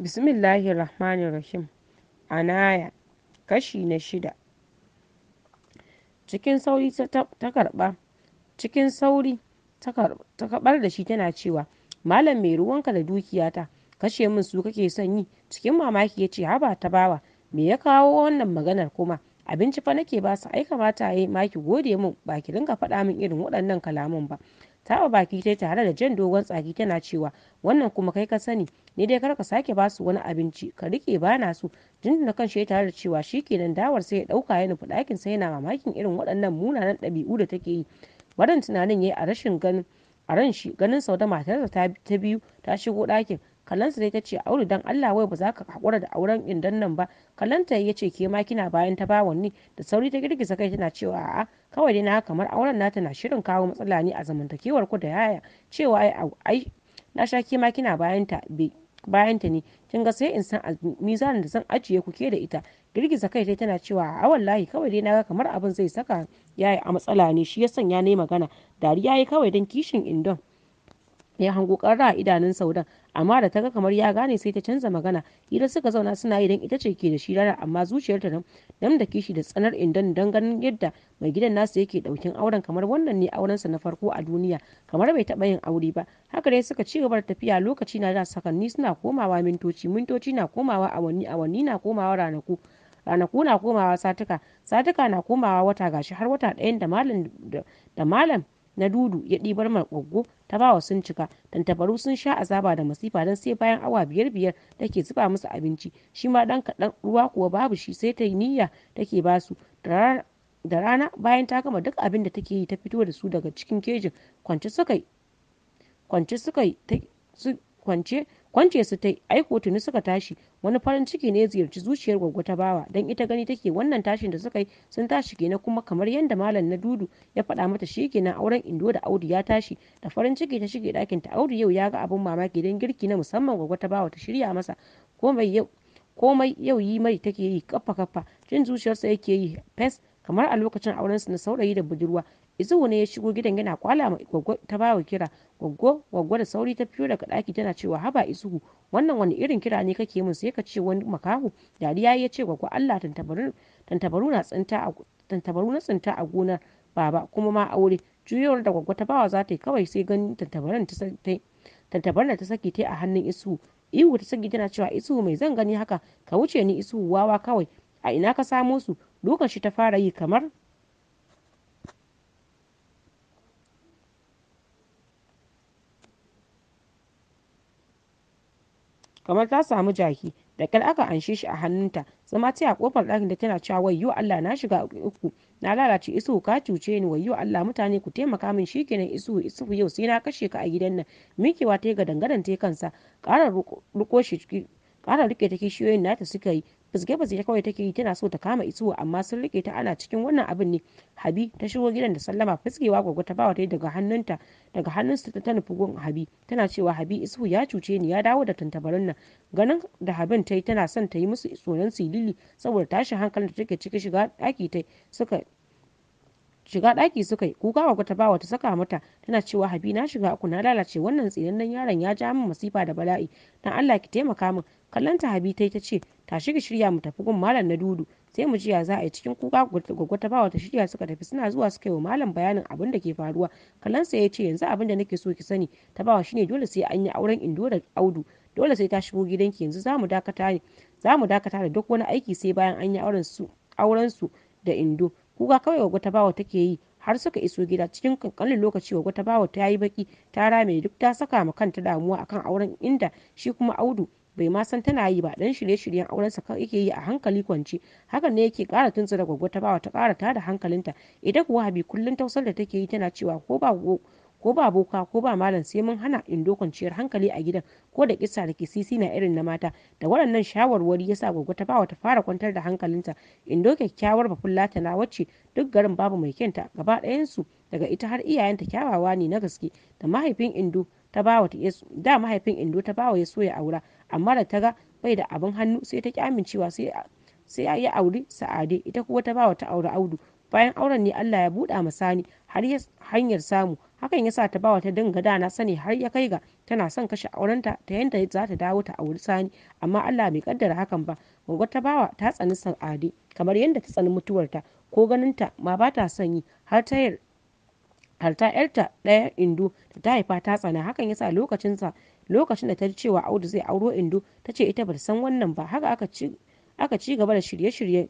Bismillahirrahmanirrahim. "Anaya" kashi na shida cikin sauri ta karba cikin sauri ta kabar da shi tana cewa malam mai ruwanka da dukiyata kashe min su kake son yi cikin mamaki ya ce haba ta bawa me ya kawo wannan maganar kuma abinci fa nake ba su aika mata yi ma ki gode mun ba ki dinga faɗa min irin waɗannan kalaman ba taɓa baki tai tare da jan dogon tsaki tana cewa wannan kuma kai ka sani ni dai kar ka sake ba su wani abinci ka rike ba na su jinjina kan shi tare da cewa shikenan dawar sai ya dauka ya nufi ɗakin sai yana mamakin irin waɗannan munanan ɗabi'u da take yi barin tunanin yayi a rashin ganin a ran shi ganin sau da matarsa ta biyu ta shigo ɗakin kalansa dai ta ce auri dan Allah wai ba za ka hakura da auren indan nan ba kalanta ya ce ke ma kina bayan ta bawon ni da sauri ta girgiza kai tana cewa a'a kawai dai na kamar auren nata na shirin kawo matsala ne a zamantakewar ku da yaya cewa ai ai na sha ke ma kina bayan ta bayan ta ne kin ga sai in san mizanin da zan ajiye ku ke da ita girgiza kai ta tana cewa a wallahi kawai dai naga kamar abin zai saka yayi a matsala ne shi ya sanya ne magana dariya yayi kawai don kishin indon ya hango kara a idanun saudan amma da ta ga kamar ya gane sai ta canza magana idan suka zauna suna yi don ita ce ke da shi rana amma zuciyarta nan dam da kishi da tsanar indan don ganin yadda mai gidan nasu yake daukin auren kamar wannan ne aurensa na farko a duniya kamar bai taba yin aure ba haka dai suka ci gaba da tafiya lokaci na da sakanni suna komawa mintoci mintoci na komawa awanni awanni na komawa ranaku ranaku na komawa satuka satuka na komawa wata gashi har wata ɗayan da malam da malam na dudu ya ɗibar marƙwaggo ta bawa sun cika tantabaru sun sha azaba da masifa don sai bayan awa biyar biyar take zuba musu abinci shi ma ɗan kaɗan ruwa kuwa babu shi sai ta niyya take su da rana bayan ta gama duk abin da take yi ta fito da su daga cikin kejin kwance suka kwance kwance su tai aiko tuni suka tashi wani farin ciki ne ziyarci zuciyar gwaggo ta bawa don ita gani take wannan tashin da suka yi sun tashi kenan kuma kamar yadda malam na dudu ya faɗa mata shi kenan auren indo da audu ya tashi da farin ciki ta shige ɗakin ta audu yau ya ga abin mamaki don girki na musamman gwaggo ta bawa ta shirya masa komai yau yi mai take yi kaffa kaffa jin zuciyarsa yake yi fes kamar a lokacin aurensu na saurayi da budurwa isuhu ne ya shigo gidan yana kwala ma gwaggo ta bawa kira gwaggo gwaggo da sauri ta fiyo daga daki tana cewa haba isuhu wannan wani irin kira ne kake min sai ka ce wani makaho dariya ya ce gwaggo Allah tantabaru na tsinta a gona baba kuma ma aure juyowar da gwaggo ta bawa za ta yi kawai sai ganin tantabaran ta saki ta a hannun isu ihu ta saki tana cewa isu mai zan gani haka ka wuce ni isu wawa kawai a ina ka samo su lokaci ta fara yi kamar kamar ta samu jaki da kyar aka anshe shi a hannunta zama ta a kofar ɗakin da tana cewa wayyo Allah na shiga uku na lalace isu ka cuce ni wayyo Allah mutane ku taimaka min shikenan isu isu yau sai na kashe ka a gidan nan mikewa ta ga dangadan ta kansa ƙara ruko shi ƙara rike ta kishiyoyin nata suka yi fusge fusge kawai take yi tana so ta kama isuwa amma sun rike ta ana cikin wannan abin ne habi ta shigo gidan da sallama fuskewa gwaggo ta bawa ta daga hannunta daga hannunsa ta nufi gun habi tana cewa habi isuwa ya cuce ni ya dawo da tantabarin nan ganin da habin ta yi tana son ta yi musu tsoron silili saboda tashin hankalin da take ciki shiga ɗaki ta suka shiga ɗaki suka yi kuka wa ta bawa ta saka mata tana cewa habi na shiga uku na lalace wannan tsinannen yaron ya ja min masifa da bala'i dan Allah ki taimaka min kallon ta habi ta ce tashi ki shirya mu tafi gun malam na dudu sai mu ji za a yi cikin kuka gwaggwa ta bawa ta shirya suka tafi suna zuwa suka yi wa malam bayanin abin da ke faruwa kalansa ya ce yanzu abin da nake so ki sani ta bawa shine dole sai an yi auren indo da audu dole sai ta shigo gidanki yanzu za mu dakata ne za dakata da duk wani aiki sai bayan an yi auren su auren su da indo kuka kawai gwaggwa ta bawa take yi har suka iso gida cikin kankanin lokaci wa ta bawa ta yi baki ta rame duk ta saka ma kanta damuwa akan auren inda shi kuma audu bai ma san tana yi ba dan shirye-shiryen aurensa kawai yake yi a hankali kwance hakan ne yake ƙara tunsa da gwaggwata ta bawa ta kara da hankalinta idan kuwa habi kullun tausar da take yi tana cewa ko ba ko ba boka ko ba malam sai mun hana indo kwanciyar hankali a gidan ko da kissa da kisisi na irin na mata da waɗannan shawarwari yasa sa ta bawa ta fara kwantar da hankalinta indo kyakkyawar bafulla na wacce duk garin babu mai kyanta gaba ɗayansu su daga ita har iyayenta kyawawa ne na gaske da mahaifin indo ta bawa da mahaifin indo ta bawa ya so ya aura amma da ta ga bai da abin hannu sai ta ki amincewa sai sai ya auri sa'ade ita kuwa ta bawa ta auri audu bayan auren ne Allah ya buɗa sani har hanyar samu hakan yasa ta bawa ta dinga dana sani har ya kai ga tana son kashe aurenta ta yanda za ta dawo ta auri sani amma Allah bai kaddara hakan ba gogo ta bawa ta tsani sa'ade kamar yadda ta tsani mutuwarta ko ganinta ma ba ta son yi har ta harta yarta ɗaya indu da ta haifa ta tsana hakan yasa lokacinsa lokacin da ta ji cewa audu zai auro indu ta ce ita bata san wannan ba haka aka ci gaba da shirye shirye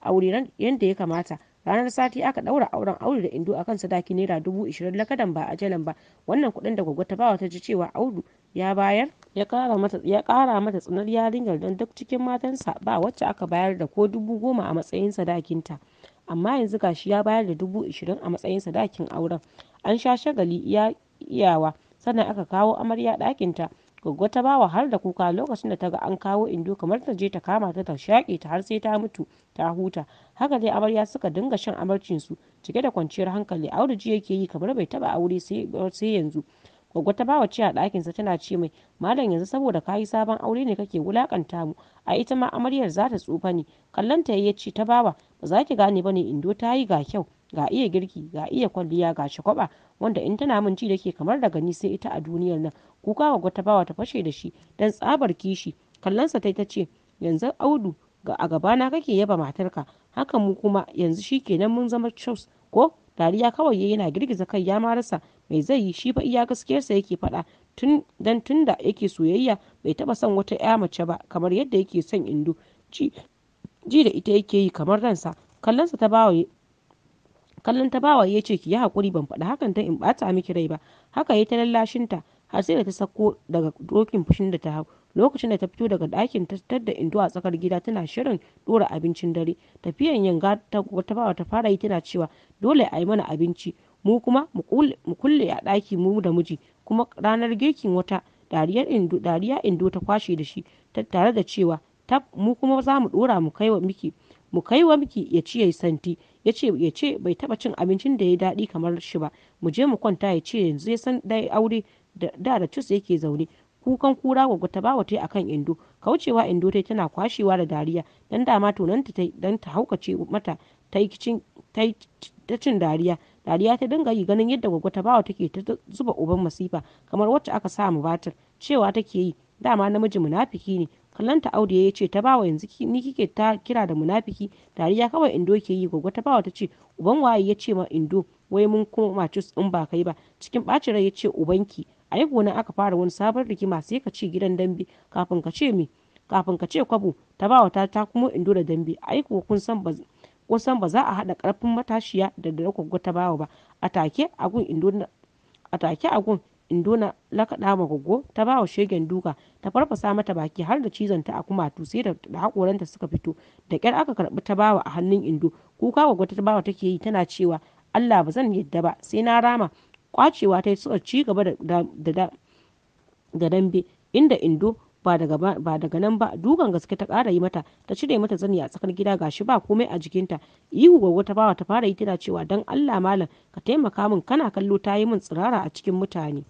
aure yadda ya kamata ranar sati aka daura auren audu da indu akan sadaki naira dubu ishirin lakadan ba a jalan ba wannan kuɗin da gwagwa ta bawa ta ji cewa audu ya bayar ya kara mata ya kara mata tsanar yarinyar don duk cikin matansa ba wacce aka bayar da ko dubu goma a matsayin sadakinta amma yanzu ga shi ya bayar da dubu ishirin a matsayin sadakin auren an sha shagali iya iyawa sannan aka kawo amarya ɗakinta goggo ta bawa har da kuka lokacin da ta ga an kawo indo kamar ta je ta kama ta ta shaƙe ta har sai ta mutu ta huta haka dai amarya suka dinga shan amarcin su cike da kwanciyar hankali auduji yake yi kamar bai taba aure sai yanzu Goggo ta ba wa Ciya ɗakinsa tana ce mai, Malam yanzu saboda ka yi sabon aure ne kake wulakanta mu, a ita ma amaryar za ta tsufa ne. Kallon ta ya ce ta bawa, ba za ki gane ba ne Indo ta yi ga kyau, ga iya girki, ga iya kwalliya, ga kwaba wanda in tana min ji da ke kamar daga ni sai ita a duniyar nan. Kuka Goggo ta bawa ta fashe da shi dan tsabar kishi. Kallonsa ta ta ce, yanzu Audu ga a gabana kake yaba matarka, haka mu kuma yanzu shi kenan mun zama chos ko? Dariya kawai yana girgiza kai ya ma rasa Mai zai yi shi fa iya gaskiyarsa yake faɗa tun dan tunda yake soyayya bai taba son wata ƴa mace ba kamar yadda yake son indo ji da ita yake yi kamar ransa kallonsa ta kallon ta bawa ya ce ki yi hakuri ban faɗa hakan ta in ɓata miki rai ba haka ya ta lallashinta har sai da ta sako daga dokin fushin da ta hau lokacin da ta fito daga ɗakin ta da indo a tsakar gida tana shirin dora abincin dare tafiyan yanga ta bawa ta fara yi tana cewa dole a yi mana abinci mu kuma mu kulle a ɗaki mu da miji kuma ranar girkin wata dariya indo ta kwashe da shi tare da cewa tab mu kuma za mu ɗora mu kai wa miki mu kai wa miki ya ci ya santi ya ce ya ce bai taba cin abincin da ya daɗi kamar shi ba mu je mu kwanta ya ce yanzu ya san dai aure da da cus yake zaune kukan kura gwagwa ta bawa yi akan indo kaucewa indo tai tana kwashewa da dariya dan dama tonanta tai dan ta haukace mata ta yi ta cin dariya dariya ta dinga yi ganin yadda goggo ta bawa take ta zuba uban masifa kamar wacce aka sa mu batir cewa take yi dama namiji munafiki ne ta audu ya ce ta bawa yanzu ni kike ta kira da munafiki dariya kawai indo ke yi goggo ta bawa ta ce uban waye ya ce ma indo wai mun kuma macus in ba kai ba cikin ɓacin rai ya ce ubanki a yi gonan aka fara wani sabon rigima sai ka ce gidan dambe kafin ka ce me kafin ka ce kwabo ta bawa ta kuma indo da dambe a yi kuwa kun san kusan ba za a haɗa ƙarfin matashiya da da ta bawa ba a take a gun indona lakada ma goggo ta bawa shegen duka ta farfasa mata baki har da ta a kumatu sai da hakoranta suka fito da ƙyar aka karɓi ta bawa a hannun indo kuka goggo ta bawa take yi tana cewa allah ba zan yadda ba sai na rama kwacewa ta yi suka ci gaba da dambe inda indo ba daga nan ba dukan gaske ta kara yi mata ta cire mata zani a tsakar gida gashi ba komai a jikinta ihu gwaggo ta bawa ta fara yi tana cewa dan Allah malam ka taimaka min kana kallo ta yi min tsirara a cikin mutane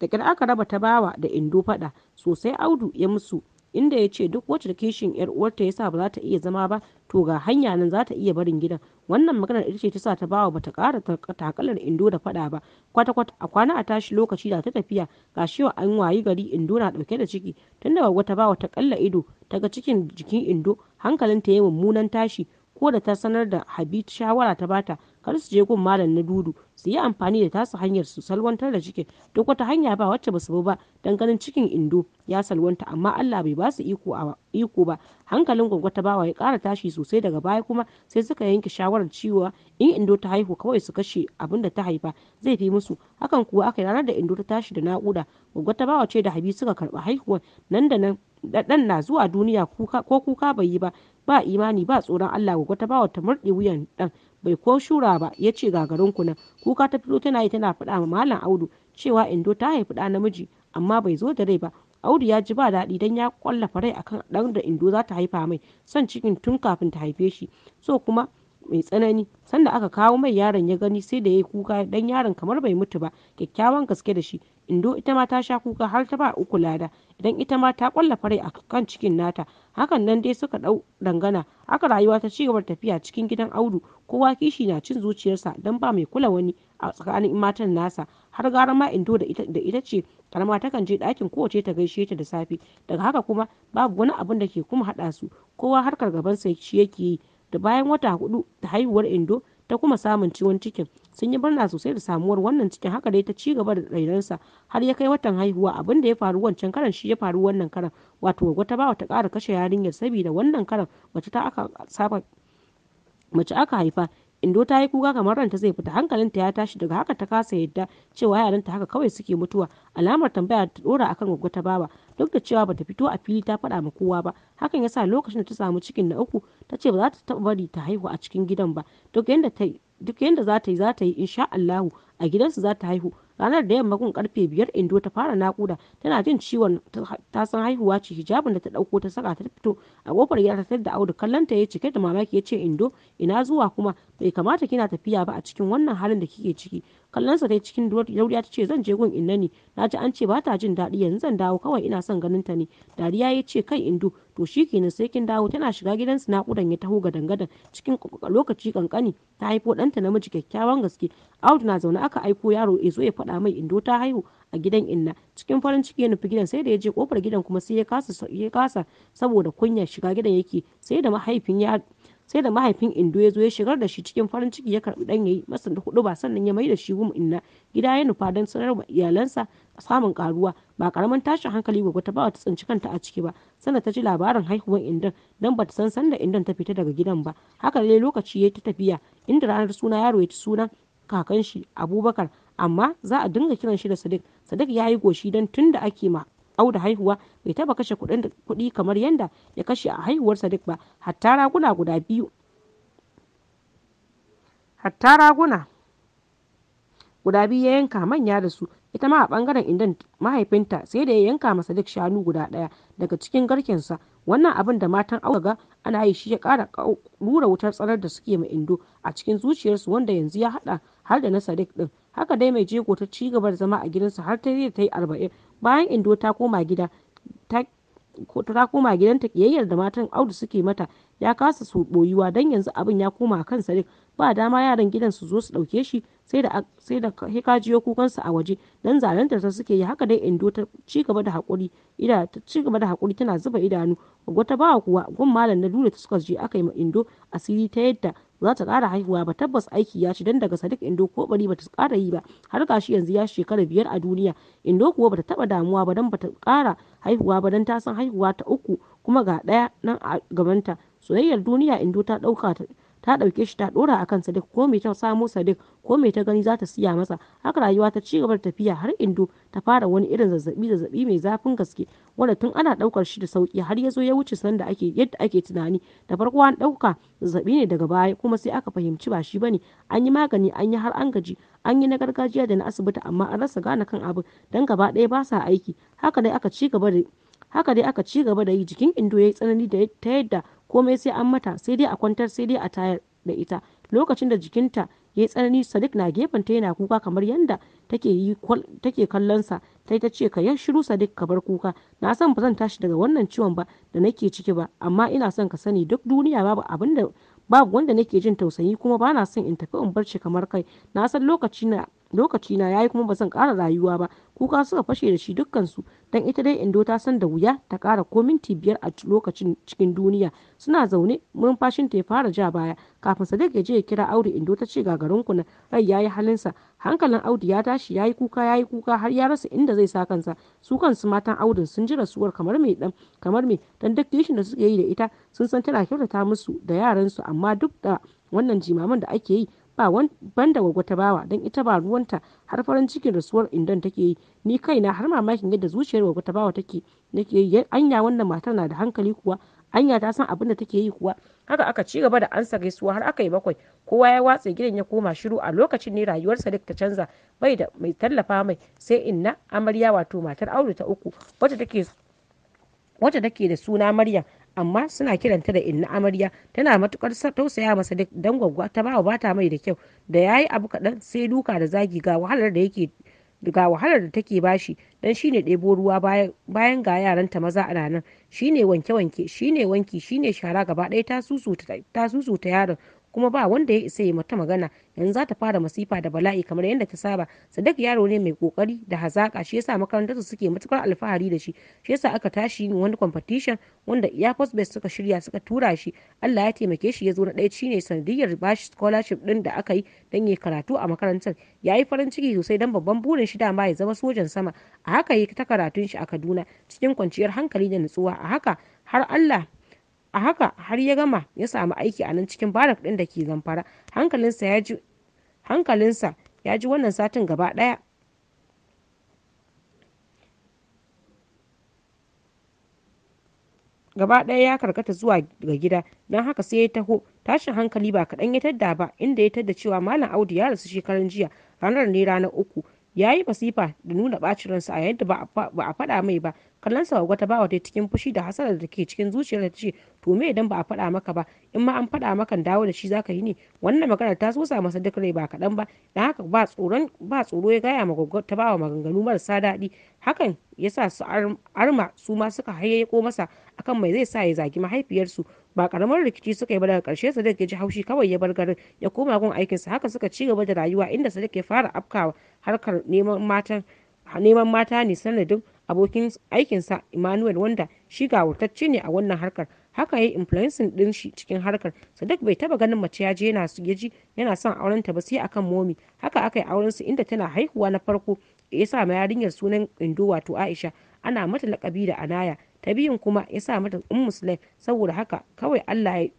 da aka raba ta bawa da indo fada sosai audu ya musu inda ya ce duk wacce da kishin yar uwarta sa ba za ta iya zama ba to ga hanya nan za ta iya barin gidan wannan maganar ita ce ta sa ta bawa bata kara takalar indo da fada ba kwata kwata a kwana a tashi lokaci da ta tafiya ga shi an wayi gari indo na dauke da ciki tunda ba wata bawa ta kalla ido ta ga cikin jikin indo hankalinta ya mummunan tashi ko da ta sanar da habib shawara ta bata kar su je gun malam na dudu su yi amfani da tasu hanyar su salwantar da cikin duk wata hanya ba wacce ba su ba don ganin cikin indo ya salwanta amma Allah bai ba su iko ba hankalin gwagwa bawa ya kara tashi sosai daga baya kuma sai suka yanke shawarar cewa in indo ta haihu kawai su kashe abin da ta haifa zai fi musu hakan kuwa aka yi ranar da indo ta tashi da na'uda gwagwa bawa ce da habi suka karba haihuwar nan da nan dan na zuwa duniya ko kuka bai yi ba ba imani ba tsoron Allah gwagwa ta bawa ta murɗe wuyan dan bai ko shura ba ya ce gagarin nan kuka ta fito tana yi tana faɗa ma malam audu cewa indo ta haifi ɗa namiji amma bai zo da rai ba audu ya ji ba daɗi don ya kwallafa rai akan ɗan da indo za ta haifa mai son cikin tun kafin ta haife shi so kuma mai tsanani sanda aka kawo mai yaron ya gani sai da ya yi kuka dan yaron kamar bai mutu ba kyakkyawan gaske da shi Indo ita ma ta sha kuka har ta ba uku lada idan ita ma ta ƙwalla farai a kan cikin nata. Hakan nan dai suka ɗau dangana. Haka rayuwa ta ci da tafiya cikin gidan Audu. Kowa kishi na cin zuciyarsa don ba mai kula wani a tsakanin matan nasa. Har gara ma Indo da ita ce karama takan je dakin kowace ta gaishe ta da safe. Daga haka kuma babu wani abun da ke kuma hada su. Kowa harkar gaban sa shi yake yi. Da bayan wata hudu da haihuwar Indo ta kuma samun ciwon cikin. sun yi barna sosai da samuwar wannan cikin haka dai ta ci gaba da sa har ya kai watan haihuwa abin da ya faru wancan karan shi ya faru wannan karan wato gwagwa ta bawa ta ƙara kashe yarinyar saboda wannan karan mace ta aka saba mace aka haifa indo ta yi kuka kamar ranta zai fita hankalinta ya tashi daga haka ta kasa yadda cewa yaranta haka kawai suke mutuwa alamar tambaya ta dora akan gwaggo ta bawa duk da cewa bata fito a fili ta faɗa ma kowa ba hakan yasa lokacin da ta samu cikin na uku ta ce ba za ta taɓa bari ta haihu a cikin gidan ba duk yadda ta duk yadda za ta yi za ta yi insha Allahu a gidansu za ta haihu ranar da yamma gun karfe biyar indo ta fara nakuda tana jin ciwon ta san haihuwa ce hijabin da ta dauko ta saka ta fito a kofar gida ta da audu kallon ta ya cike da mamaki ya ce indo ina zuwa kuma bai kamata kina tafiya ba a cikin wannan halin da kike ciki kallonsa dai cikin dauriya ta ce zan je gun inna ne na ji an ce ba ta jin daɗi yanzu zan dawo kawai ina son ganin ta ne dariya ya ce kai indu to shi kenan sai kin dawo tana shiga gidansu kudan ya taho gadan-gadan cikin lokaci kankani ta haifo ɗanta namiji kyakkyawan gaske audu na zaune aka aiko yaro ya zo ya faɗa mai indo ta haihu a gidan inna cikin farin ciki ya nufi gidan sai da ya je kofar gidan kuma sai ya kasa saboda kunya shiga gidan yake sai da mahaifin ya sai da mahaifin indo ya zo ya shigar da shi cikin farin ciki ya karbi dan yayi masa da hudu ba sannan ya mai da shi gumu inna gida ya nufa dan sanar wa iyalansa a samun karuwa ba karamin tashin hankali gobe ta ba ta tsinci kanta a ciki ba sannan ta ji labarin haihuwar indon don ta san sanda indon ta fita daga gidan ba haka dai lokaci ya ta tafiya inda ranar suna yaro ya ci sunan kakan shi abubakar amma za a dinga kiran shi da sadiq sadiq ya yi goshi dan tun da ake ma auda haihuwa bai taba kashe kuɗi kamar yadda ya kashe a haihuwar Sadiq ba hatta raguna guda biyu hatta raguna guda biyu ya yanka manya da su ita ma a bangaren indan mahaifinta sai da ya yanka masa duk shanu guda daya daga cikin garkensa wannan abin da matan auga ana yi shi ya kara rura wutar tsanar da suke ma indo a cikin zuciyarsu wanda yanzu ya hada har da na sadiq din haka dai mai jego ta ci gaba da zama a gidansa har ta da ta yi arba'in Bayan Indo ta koma gida ta koma gidanta kiyayyar da matan Audu suke mata ya kasa boyuwa dan yanzu abin ya koma kan Sadiq ba dama yaran gidan su zo su ɗauke shi sai da ka kukan kukansu a waje dan zaluntar ta suke yi haka dai Indo ta ci gaba da hakuri tana zuba idanu gwaggo ta bawa kuwa gun malam na dole ta suka je aka yi ma Indo asiri ta yadda za ta ƙara haihuwa ba tabbas aiki ya ci dan daga Sadiq Indo ko bari bata ƙara yi ba har gashi yanzu ya shekara biyar a duniya Indo kuwa ba ta taɓa damuwa ba dan ta ƙara haihuwa ba dan ta san haihuwa ta uku kuma ga ɗaya nan a gabanta soyayyar duniya Indo ta ɗauka ta ɗauke shi ta ɗora a kan Sadiq ko mai ta samo Sadiq ko mai ta gani za ta siya masa haka rayuwa ta ci gaba da tafiya har Indo ta fara wani irin zazzabi zazzabi mai zafin gaske wanda tun ana ɗaukar shi da sauki har ya zo ya wuce sanda ake yadda ake tunani da farko an ɗauka zazzabi ne daga baya kuma sai aka fahimci ba shi bane an yi magani an yi har an gaji an yi na gargajiya da na asibiti amma an rasa gane kan abin dan gaba ɗaya ba sa aiki haka dai aka ci gaba da haka dai aka ci gaba da yi jikin indo ya yi tsanani da ta yadda komai sai an mata sai dai a kwantar sai dai a tayar da ita lokacin da jikinta ya yi tsanani sadiq na gefenta yana kuka kamar yadda take kallonsa ta yi ta ce ka ya shiru sadiq ka bar kuka na san ba zan tashi daga wannan ciwon ba da nake ciki ba amma ina son ka sani duk duniya babu abin da babu wanda nake jin tausayi kuma ba na son in tafi in barci kamar kai na san lokaci na lokaci na yayi kuma ba zan ƙara rayuwa ba kuka suka fashe da shi dukkansu dan ita dai indo ta san da wuya ta kara ko minti biyar a lokacin cikin duniya suna zaune mun fashin ta ya fara ja baya kafin sadiq ya je ya kira audu indo ta ce gagarin ku na rai yayi halinsa hankalin audi ya tashi yayi kuka yayi kuka har ya rasa inda zai sa kansa su kansu matan audun sun ji rasuwar kamar mai dan kamar mai dan duk kishin da suke yi da ita sun san tana kyautata musu da yaransu amma duk da wannan jimamin da ake yi ban da Goggo bawa don ita ba ruwanta har farin cikin rasuwar Indon take yi, ni kai na har mamakin yadda zuciyar Goggo ta bawa take nake yi, anya wannan matar na da hankali kuwa, anya ta san abin da take yi kuwa. Haka aka ci gaba da ansa gaisuwa har aka yi bakwai, kowa ya watse gidan ya koma shiru a lokacin ne rayuwar Sadiq ta canza bai da mai tallafa mai sai inna amarya wato matar Audu ta uku wacce take wacce take da suna Maryam amma suna kiranta da inna amarya tana matukar tausaya masa duk dan gwaggwa ta bawa bata mai da kyau da yayi abu kaɗan sai duka da zagi ga wahalar da yake ga wahalar da take bashi dan shine ɗebo ruwa bayan ga yaranta maza a ranar shine wanke wanke shine wanki shine shara gaba ɗaya ta susu ta yaron kuma ba wanda ya isa ya mata magana yanzu za ta fara masifa da bala'i kamar yadda ta saba sadak yaro ne mai kokari da hazaka shi yasa su suke matukar alfahari da shi shi yasa aka tashi yin wani competition wanda iya best suka shirya suka tura shi Allah ya taimake shi ya zo na ɗaya ne sanadiyar bashi scholarship din da aka yi don ya karatu a makarantar ya yi farin ciki sosai don babban burin shi dama ya zama sojan sama a haka yi ta karatun shi a Kaduna cikin kwanciyar hankali da nutsuwa a haka har Allah a haka har ya gama ya samu aiki a nan cikin barak ɗin da ke zamfara hankalinsa ya ji hankalinsa ya ji wannan satin gaba ɗaya gaba ɗaya ya karkata zuwa ga gida don haka sai ya taho tashin hankali ba kaɗan ya tadda ba inda ya tadda cewa malam audu ya rasu shekaran jiya ranar ne ranar uku ya yi masifa da nuna ɓacin ransa a yadda ba a faɗa mai ba kallon sa gwaggo ta bawa ta cikin fushi da hasalar da ke cikin zuciyar ta ce to me idan ba a faɗa maka ba in ma an faɗa maka dawo da shi zaka yi ne wannan maganar ta sosa masa duk rai ba kaɗan ba dan haka ba tsoron ba tsoro ya gaya ma ta bawa maganganu marasa daɗi hakan ya sa su arma su ma suka hayayyako masa akan mai zai sa ya zagi mahaifiyarsu ba karamar rikici suka yi ba daga karshe Sadiq ya ji haushi kawai ya bar garin ya koma gun aikinsa haka suka ci gaba da rayuwa inda Sadiq ya fara afkawa harkar neman matan neman mata ne sanadin abokin aikinsa Emmanuel wanda shi gawurtacce ne a wannan harkar haka ya yi influencing din shi cikin harkar Sadiq bai taba ganin mace ya je yana yaji yana son auren ta ba sai akan momi haka aka yi auren su inda tana haihuwa na farko ya sa ma yarinyar sunan Indo wato Aisha ana mata laƙabi da Anaya ta biyun kuma ya sa mata Ummu saboda haka kawai Allah ya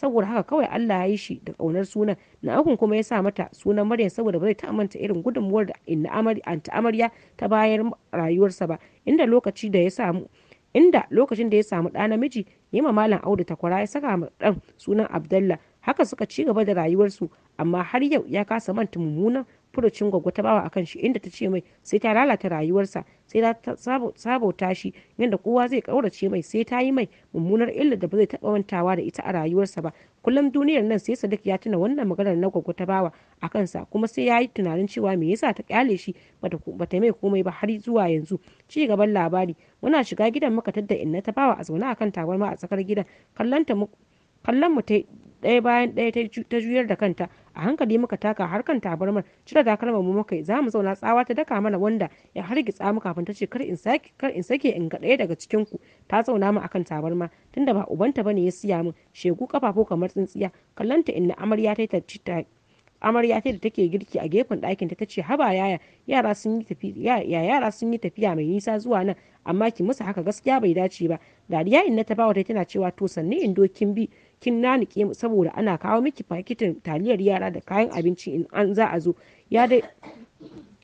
saboda haka kawai Allah ya yi shi da ƙaunar sunan na'akun kuma ya sa mata sunan Maryam saboda ba zai ta manta irin gudunmuwar da inna anta amarya ta bayar rayuwarsa ba inda lokaci da ya samu inda lokacin da ya samu ɗa namiji ya ma malam Audu takwara ya saka ma ɗan sunan Abdallah haka suka ci gaba da rayuwarsu amma har yau ya kasa manta mummunan furucin gwaggo ta bawa akan shi inda ta ce mai sai ta lalata rayuwarsa sai ta sabota shi yadda kowa zai kaurace mai sai ta yi mai mummunar illa da ba zai taba mantawa da ita a rayuwarsa ba kullum duniyar nan sai Sadiq ya tuna wannan maganar na gwaggo ta bawa a kansa kuma sai ya yi tunanin cewa me yasa ta kyale shi ba bata mai komai ba har zuwa yanzu ci gaban labari muna shiga gidan muka tadda inna ta bawa a zaune akan tabarma a tsakar gidan kallon mu ta ɗaya bayan ɗaya ta juyar da kanta a hankali muka taka har tabarmar cire takalmar mu muka za mu zauna tsawa ta daka mana wanda ya hargitsa mu kafin ta ce kar in sake kar in sake in ga ɗaya daga cikin ku ta zauna mu akan tabarma tunda ba ubanta bane ya siya mun shegu kafafu kamar tsintsiya kallanta inna amarya ta ta amarya ta da take girki a gefen ɗakin ta tace haba yaya yara sun yi tafiya yara sun yi tafiya mai nisa zuwa nan amma ki musu haka gaskiya bai dace ba dariya in na ta bawa ta tana cewa to sanne in dokin bi kin nanike mu saboda ana kawo miki fakitin taliyar yara da kayan abinci in an za a zo ya dai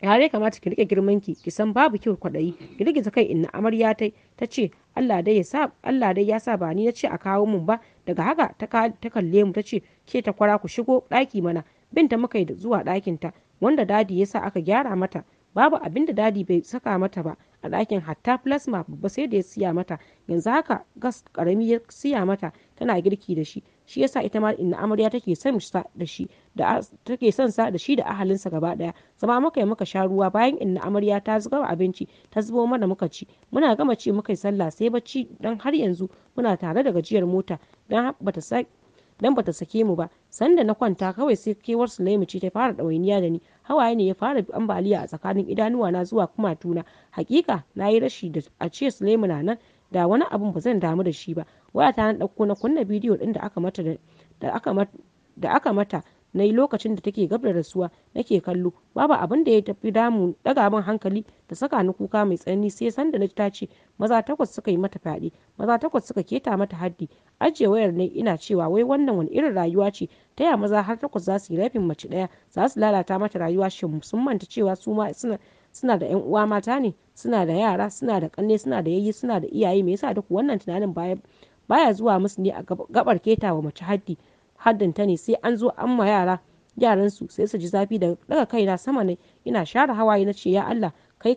ya kamata ki rike girman ki ki san babu kyau kwadayi ki rike kai inna amarya tai ta ce Allah dai ya sa Allah dai ya sa ba ni ce a kawo mun ba daga haka ta kalle mu ta ce ke ta kwara ku shigo ɗaki mana binta muka yi da zuwa ɗakin ta wanda dadi ya sa aka gyara mata babu abin da dadi bai saka mata ba a ɗakin hatta plasma babba sai da ya siya mata yanzu haka gas karami ya siya mata tana girki da shi shi yasa ita ma inna amarya take son sa da shi da take son sa da shi da ahalinsa gaba daya zama muka yi muka sha ruwa bayan inna amarya ta zuba abinci ta zubo mana muka ci muna gama ci muka yi sallah sai bacci dan har yanzu muna tare da gajiyar mota dan bata dan bata sake mu ba sanda na kwanta kawai sai kewar Sulaimu ce ta fara ɗawainiya da ni hawaye ne ya fara ambaliya a tsakanin idanuwa na zuwa kumatuna hakika na yi rashi da a ce Sulaimu na nan da wani abun ba zan damu da shi ba wayata na ɗauko na kunna bidiyo ɗin da aka mata da aka mata na yi lokacin da take gab da rasuwa nake kallo babu abin da ya tafi damu daga min hankali da saka ni kuka mai tsanani sai sanda na ta ce maza takwas suka yi mata fyaɗe maza takwas suka keta mata haddi ajiye wayar ne ina cewa wai wannan wani irin rayuwa ce ta ya maza har takwas za su yi rafin mace ɗaya za su lalata mata rayuwa shin sun manta cewa su ma suna da yan uwa mata ne suna da yara suna da kanne suna da yayi suna da iyaye me yasa duk wannan tunanin baya baya zuwa musu ne a gabar keta wa mace haddi haddinta ne sai an zo an ma yara yaran su sai su ji zafi da daga na sama ne ina share hawaye na ce ya Allah kai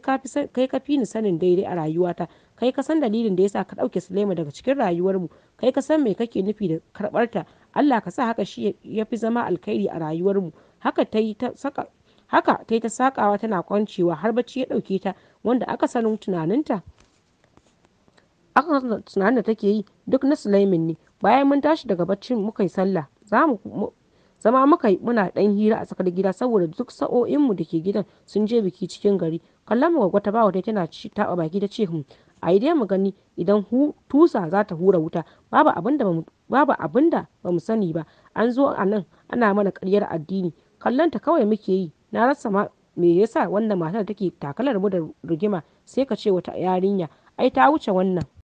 ka fi ni sanin daidai a rayuwata kai ka san dalilin da yasa ka dauke Sulema daga cikin rayuwarmu kai ka san me kake nufi da ta Allah ka sa haka shi ya fi zama alkhairi a rayuwarmu haka ta yi ta saka haka ta yi ta sakawa tana kwancewa har bacci ya dauke ta wanda aka sanin tunaninta aka tunanin da take yi duk na Sulaimin ne bayan mun tashi daga baccin muka yi sallah zama muka yi muna ɗan hira a tsakar gida saboda duk sa'o'inmu da ke gidan sun je biki cikin gari kallon mu gwaggwa ba wata tana tana taɓa baki ta ce hmm, a yi dai mu gani idan tusa za ta hura wuta babu abin da ba mu sani ba an zo a nan ana mana karyar addini kallon ta kawai muke yi na rasa ma me yasa wannan matar take takalar mu da rigima sai ka ce wata yarinya ai ta wuce wannan